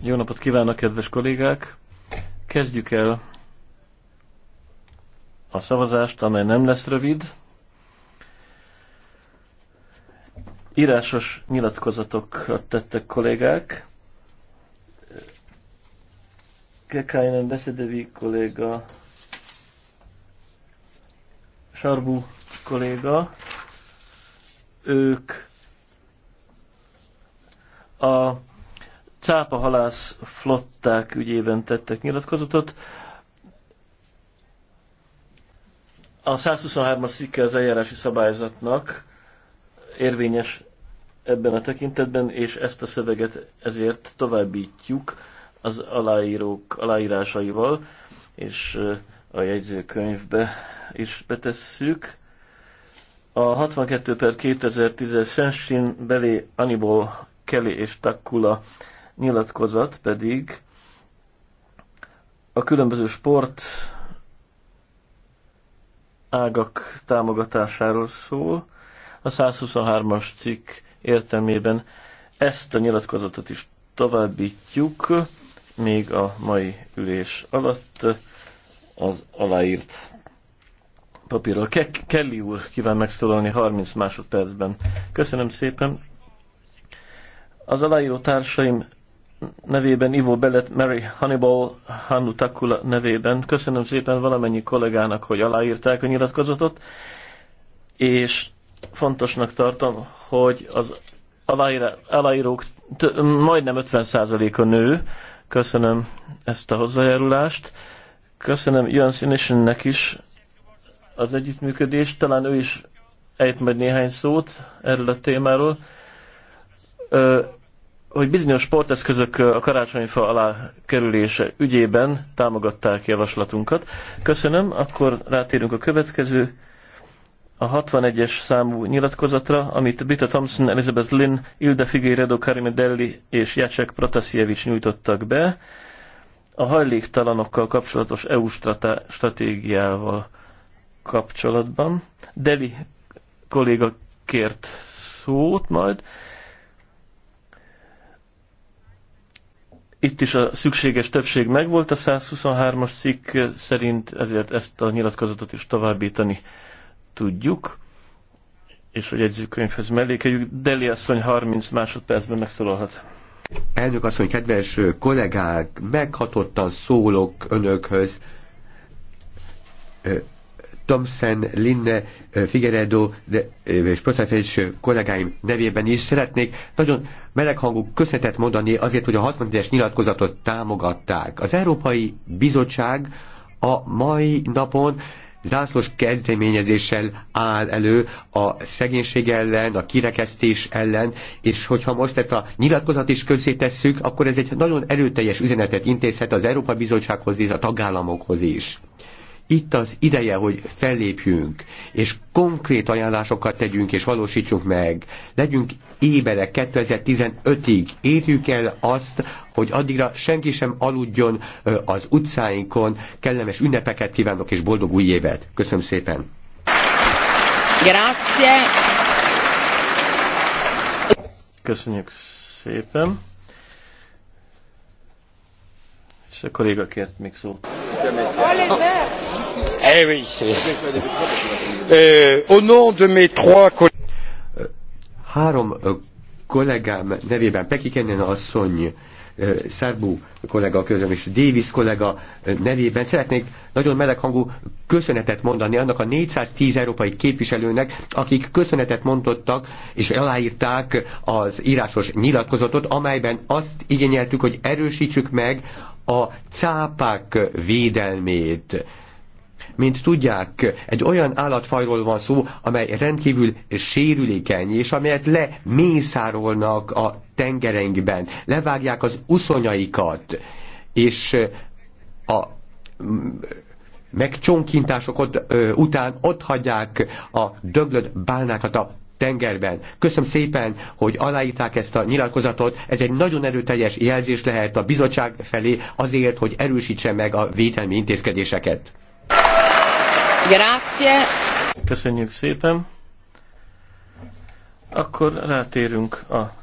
Jó napot kívánok, kedves kollégák! Kezdjük el a szavazást, amely nem lesz rövid. Írásos nyilatkozatokat tettek kollégák. Kekáinen Beszedevi kolléga, Sarbu kolléga, ők a Cápa halász flották ügyében tettek nyilatkozatot. A 123-as szikke az eljárási szabályzatnak érvényes ebben a tekintetben, és ezt a szöveget ezért továbbítjuk az aláírók aláírásaival, és a jegyzőkönyvbe is betesszük. A 62 per 2010-es Senshin belé Anibol Kelly és Takula nyilatkozat pedig a különböző sport ágak támogatásáról szól. A 123-as cikk értelmében ezt a nyilatkozatot is továbbítjuk még a mai ülés alatt az aláírt papírral. Ke- Kelly úr kíván megszólalni 30 másodpercben. Köszönöm szépen. Az aláíró társaim nevében, Ivo Bellet, Mary Hannibal, Hannu Takula nevében. Köszönöm szépen valamennyi kollégának, hogy aláírták a nyilatkozatot, és fontosnak tartom, hogy az aláírók majdnem 50%-a nő. Köszönöm ezt a hozzájárulást. Köszönöm Jön Sinishennek is az együttműködést. Talán ő is ejt majd néhány szót erről a témáról. Ö, hogy bizonyos sporteszközök a karácsonyfa alá kerülése ügyében támogatták javaslatunkat. Köszönöm, akkor rátérünk a következő, a 61-es számú nyilatkozatra, amit Bita Thompson, Elizabeth Lynn, Ilda Figueiredo, Karim Delli és Jacek Protasievics nyújtottak be a hajléktalanokkal kapcsolatos EU stratégiával kapcsolatban. Deli kolléga kért szót majd. Itt is a szükséges többség megvolt a 123-as cikk szerint, ezért ezt a nyilatkozatot is továbbítani tudjuk, és hogy egy jegyzőkönyvhöz mellékeljük. Deli asszony 30 másodpercben megszólalhat. Elnök asszony, kedves kollégák, meghatottan szólok önökhöz Thompson, Linne, Figueredo és Protafés kollégáim nevében is szeretnék nagyon meleghangú köszönetet mondani azért, hogy a 60 es nyilatkozatot támogatták. Az Európai Bizottság a mai napon zászlós kezdeményezéssel áll elő a szegénység ellen, a kirekesztés ellen, és hogyha most ezt a nyilatkozat is közé tesszük, akkor ez egy nagyon erőteljes üzenetet intézhet az Európa Bizottsághoz és a tagállamokhoz is. Itt az ideje, hogy fellépjünk, és konkrét ajánlásokat tegyünk, és valósítsunk meg. Legyünk éberek 2015-ig. Érjük el azt, hogy addigra senki sem aludjon az utcáinkon. Kellemes ünnepeket kívánok, és boldog új évet. Köszönöm szépen. Grazie. Köszönjük szépen. És a kolléga kért még szót. Oliver! Eh oui. Euh, au nom de mes trois Három kollégám nevében, Peki Kennen asszony, Szárbú kollega közöm és Davis kollega nevében szeretnék nagyon meleg hangú köszönetet mondani annak a 410 európai képviselőnek, akik köszönetet mondottak és aláírták az írásos nyilatkozatot, amelyben azt igényeltük, hogy erősítsük meg a cápák védelmét mint tudják, egy olyan állatfajról van szó, amely rendkívül sérülékeny, és amelyet lemészárolnak a tengerenkben, levágják az uszonyaikat, és eh, a mm, megcsonkintások ott, ö, eh, után ott hagyják a döglött bálnákat a tengerben. Köszönöm szépen, hogy aláíták ezt a nyilatkozatot. Ez egy nagyon erőteljes jelzés lehet a bizottság felé azért, hogy erősítse meg a védelmi intézkedéseket. Grazie. Köszönjük szépen. Akkor rátérünk a